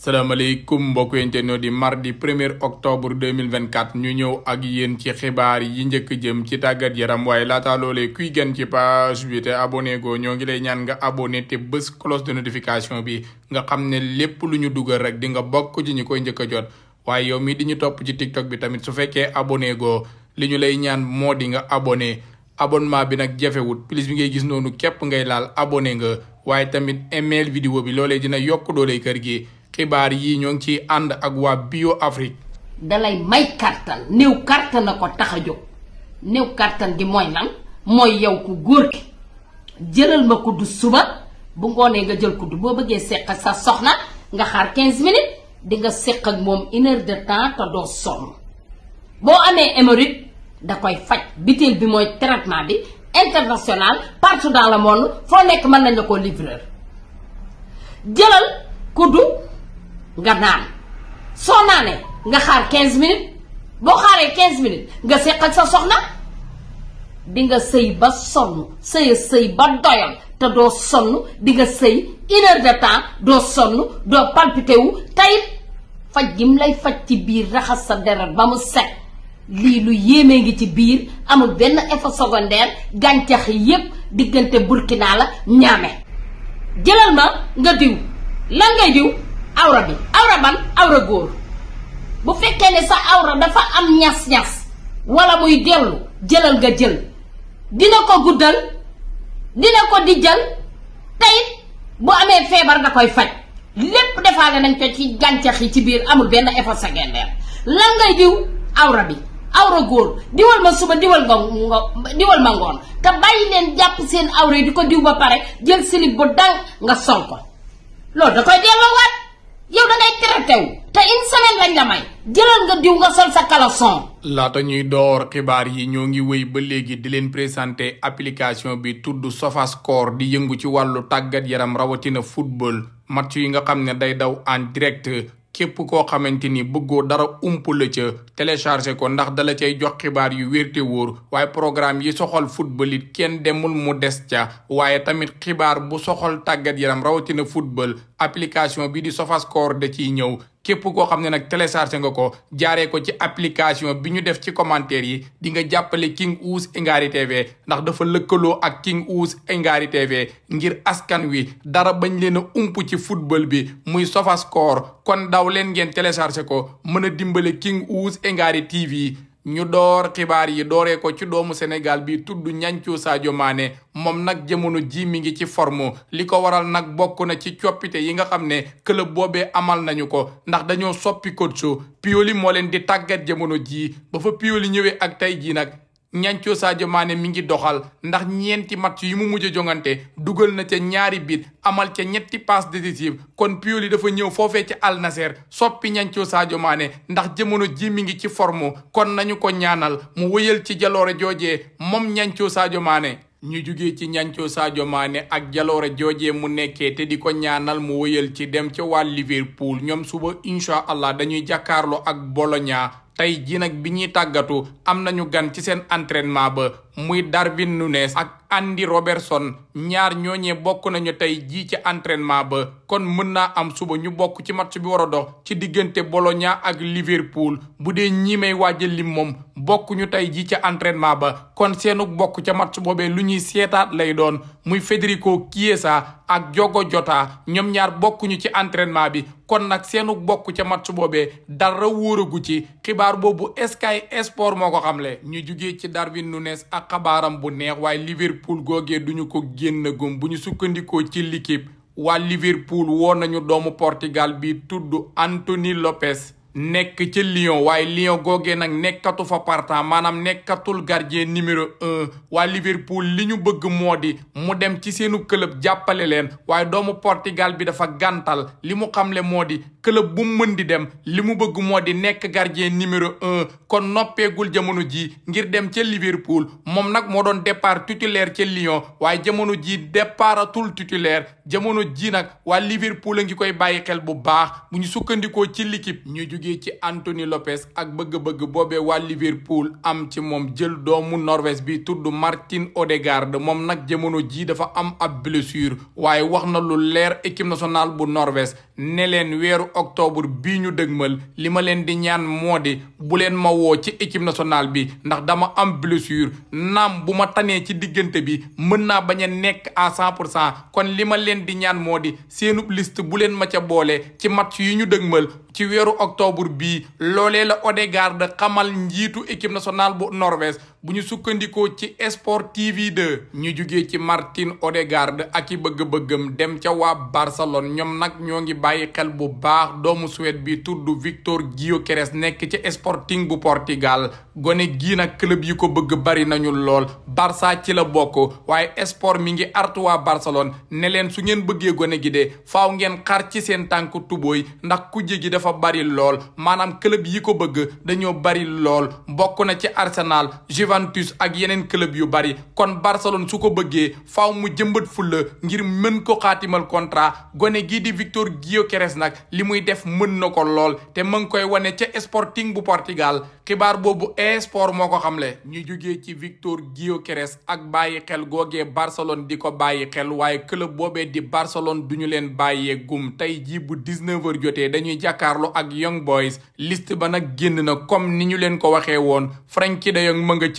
salaamaaleykum mbokk te yente di mardi premier octobre 2024 ñu ñëw ak yéen ci xibaar yi njëkk jëm ci tàggat yaram waaye laata loolee kuy gën ci page bi te abonné go ñoo ngi lay ñaan nga abonné te bés cloche de notification bi nga xam ne lépp lu ñu dugal rek di nga bokk ci ñi koy njëkk a jot waaye yow mii di ñu topp ci tiktok bi tamit su fekkee abonné go li ñu lay ñaan moo di nga abonné abonnement bi nag jafewut plus bi ngay gis noonu képp ngay laal abonné nga waaye tamit email vidéo bi loolee dina yokk doole kër gi. xibaar yi ñoo ngi ci ànd ak waa Bio Afrique. dalay may kàttan néew kàttan na ko tax a jóg néew kàttan gi mooy lan mooy yow ku góor gi jëlal ma kuddu suba bu ngoonee nga jël kuddu boo bëggee seq sa soxna nga xaar 15 minutes dinga nga seq ak moom une heure de temps te doo sonn boo amee hémorroïde da koy faj biteel bi mooy traitement bi international partout dans le monde foo nekk mën nañ la ko livrer jëlal kudd. nga naan soo naanee nga xaar 15 minutes boo xaaree 15 minutes nga seqal sa soxna dinga nga sëy ba sonn sëya sëy ba doyal te doo sonn dinga sëy une heure de temps doo sonn doo palpité wu tayit faj gi mu lay faj ci biir raxas sa deret ba mu set lii lu yéemee ngi ci biir amul benn effet secondaire gàncax yépp diggante burkina la ñaame jëlal ma nga diw lan ngay diw awra bi awra ban awra góor bu fekkee ne sa awra dafa am ñas-ñas wala muy dellu jëlal nga jël dina ko guddal dina ko dijjal tayit bu amee feebar da koy faj lépp defaale nañ ko ci gàncax yi ci biir amul benn effet secondaire lan ngay diw awra bi awra góor diwal ma suba diwal nga ma ngoon te bàyyi leen jàpp seen awra yi di ko diw ba pare jël silib bu dang nga sol ko loolu da koy delloowaat yow da ngay traité te une semaine may jëlal nga diw nga sol sa caleçon. laata ñuy door xibaar yi ñoo ngi wéy ba léegi di leen présenté application bi tudd SofaScore di yëngu ci wàllu tàggat yaram rawatina football match yi nga xam ne day daw en direct. képp koo xamante ni bëggoo dara ump la ca téléchargé ko ndax dala cay jox xibaar yu wér wóor waaye programme yi soxal football it kenn demul mu des ca waaye tamit xibaar bu soxal tàggat yaram rawatina football application bi di SofaScore da ciy ñëw képp koo xam ne nag téléchargé nga ko jaaree ko ci application bi ñu def ci commentaire yi di nga jàppale King Ouse Ngary TV ndax dafa lëkkaloo ak King Ouse Ngary TV ngir askan wi dara bañ leen a ump ci football bi muy Sofascore kon daw leen ngeen téléchargé ko mën a dimbale King Ouse Ngary TV ñu door xibaar yi dooree ko ci doomu Sénégal bi tudd ñancu Sadio Mané moom nag jamono ji mi ngi ci forme li ko waral nag bokk na ci coppite yi nga xam ne club boobee amal nañu ko ndax dañoo soppi coach Pioli moo leen di tàggat jamono jii ba fa Pioli ñëwee ak tey jii nag ñancoo saajo maane mi ngi doxal ndax ñeenti match yi mu mujj a jongante dugal na ca ñaari bit amal ca ñetti passe décisive kon Pioli dafa ñëw foofee ca Al Nasser soppi ñancoo Sadio maane ndax jamono ji mi ngi ci forme kon nañu ko ñaanal mu wëyal ci jaloore joojee moom ñancoo saajo maane ñu jugee ci ñancoo Sadio maane ak jaloore joojee mu nekkee te di ko ñaanal mu wëyal ci dem ca waa Liverpool ñoom suba incha allah dañuy jàkkaarloo ak Bologna tey jii nag bi ñuy tàggatu am nañu gan ci seen entraînement ba muy Darwin Nunes ak Andy Robertson ñaar ñooñee bokk nañu tey jii ci entraînement ba kon mën naa am suba ñu bokk ci match bi war a dox ci diggante bolo Bologna ak Liverpool bu dee ñi may waaja lim moom bokk ñu tey jii ca entraînement ba kon seenu bokk ca match boobee lu ñuy seetaat lay doon muy Federico Chiesa ak jogo jota ñoom ñaar bokkuñu ci entrainement bi kon nag seenu bokku ca match boobee dara wóoragu ci xibaar boobu Sky Sport moo ko xamle ñu jugee ci Darwin Nunes ak xabaaram bu neex waaye Liverpool googee ñu ko génn gum bu ñu sukkandikoo ci l'équipe waa Liverpool woo nañu doomu Portugal bi tudd Anthony Lopez nekk ci lion waaye Lyon googee nag nekkatu fa partant maanaam nekkatul gardien numéro un waa Liverpool li ñu bëgg moo di mu dem ci seenu club jàppale leen waaye doomu Portugal bi dafa gantal li mu xamle moo di club bu mu mën di dem li mu bëgg moo di nekk gardien numéro un kon noppeegul jamono ji ngir dem ca Liverpool moom nag moo doon départ titulaire ci lion waaye jamono ji départatul titulaire jamono ji nag waa Liverpool a ngi koy bàyyi xel bu baax bu ñu sukkandikoo ci l'équipe ñu jugee ci Anthony Lopez ak bëgg-bëgg boobee waa Liverpool am ci moom jël doomu Norvège bi tudd Martin Odegaard moom nag jamono ji dafa am ab blessure waaye wax na lu leer équipe nationale bu Norvège ne leen weeru octobre bii ñu dëgmal li ma leen di ñaan moo di bu leen ma woo ci équipe nationale bi ndax dama am blessure naam bu ma tanee ci diggante bi mën naa bañ nekk à cent pour cent kon li ma leen di ñaan moo di seenub liste bu leen ma ca boole ci match yi ñu dëgmal ci weeru octobre bi loolee la Odegaard xamal njiitu équipe nationale bu Norvège bu ñu sukkandikoo ci Sport TV de ñu jugee ci Martin Odegaard ak i bëgg-bëggam dem ca waa Barcelone ñoom nag ñoo ngi bàyyi xel bu baax doomu Suède bi tudd Victor Gyökeres nekk ca Sporting bu Portugal gone gii nag club yi ko bëgg bari nañu lool Barça ci la bokk waaye Sport mi ngi artu waa Barcelone ne leen su ngeen bëggee gone gi de faaw ngeen xar ci seen tànk tubooy ndax kujje gi dafa bari lool maanaam club yi ko bëgg dañoo bari lool bokk na ci Arsenal Juventus ak yeneen club yu bari kon Barcelone su ko bëggee faaw mu jëmbat fulla ngir mën ko xaatimal contrat gone gii di Victor Gyökeres nag li muy def mën na ko lool te ma ngi koy wane ca Sporting bu Portugal xibaar boobu esport moo ko xamle ñu jógee ci Victor Gyökeres ak bàyyi xel googee Barcelone di ko bàyyi xel waaye club boobee di Barcelone du ñu leen bàyyee gum tey jii bu 19h jotee dañuy jàkkaarloo ak Young Boys liste ba nag génn na comme ni ñu leen ko waxee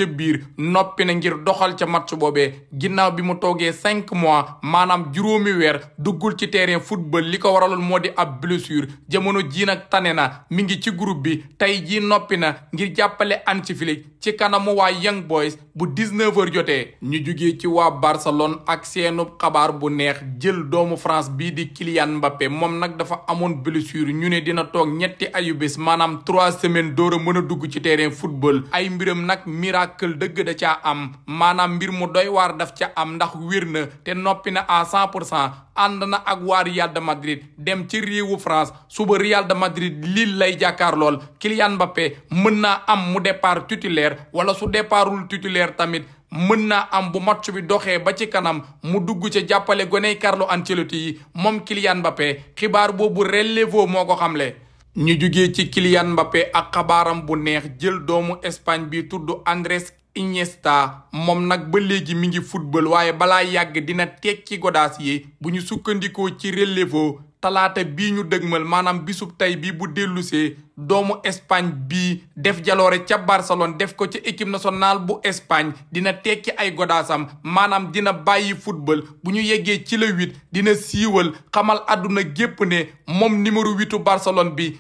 ca biir noppi na ngir doxal ca match boobee ginnaaw bi mu toogee cinq mois maanaam juróomi weer duggul ci terrain football li ko waraloon moo di ab blessure jamono jii nag tane na mi ngi ci groupe bi tey jii noppi na ngir jàppale Hansi ci kanamu waa Young Boys bu 19h jotee ñu jugee ci waa Barcelone ak seenu xabaar bu neex jël doomu France bii di Kylian Mbappé moom nag dafa amoon blessure ñu ne dina toog ñetti ayubés maanaam trois semaines door a mën a dugg ci terrain football tàkkal dëgg da caa am maanaam mbir mu doy waar daf ca am ndax wér na te noppi na à cent pour cent ànd na ak waa Real de Madrid dem ci riiwu France suba Real de Madrid Lille lay jàkkaar lool Kylian Mbappé mën naa am mu départ titulaire wala su départul titulaire tamit mën naa am bu match bi doxee ba ci kanam mu dugg ca jàppale goney Carlo Ancelotti yi moom Kylian Mbappé xibaar boobu Relevo moo ko xamle ñu jugee ci Kylian mbappe ak xabaaram bu neex jël doomu Espagne bi tudd Andrés Iniesta moom nag ba léegi mi ngi football waaye balaa yàgg dina tekki godaas yi bu ñu sukkandiku ci Relevo talaata bii ñu dëgmal maanaam bisub tey bii bu dellusee doomu Espagne bi def jaloore ca Barcelone def ko ca équipe nationale bu Espagne dina tekki ay godaasam maanaam dina bàyyi football bu ñu yeggee ci la huit dina siiwal xamal àdduna gépp ne moom numéro huitu Barcelone bi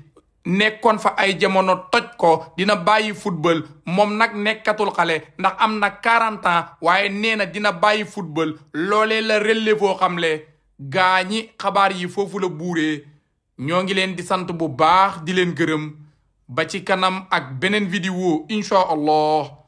nekkoon fa ay jamono toj ko dina bàyyi football moom nag nekkatul xale ndax am na quarante waaye nee na dina bàyyi football loolee la relevo xamle gaañi xabaar yi foofu la buuree ñoo ngi leen di sant bu baax di leen gërëm ba ci kanam ak beneen vidéo incha allah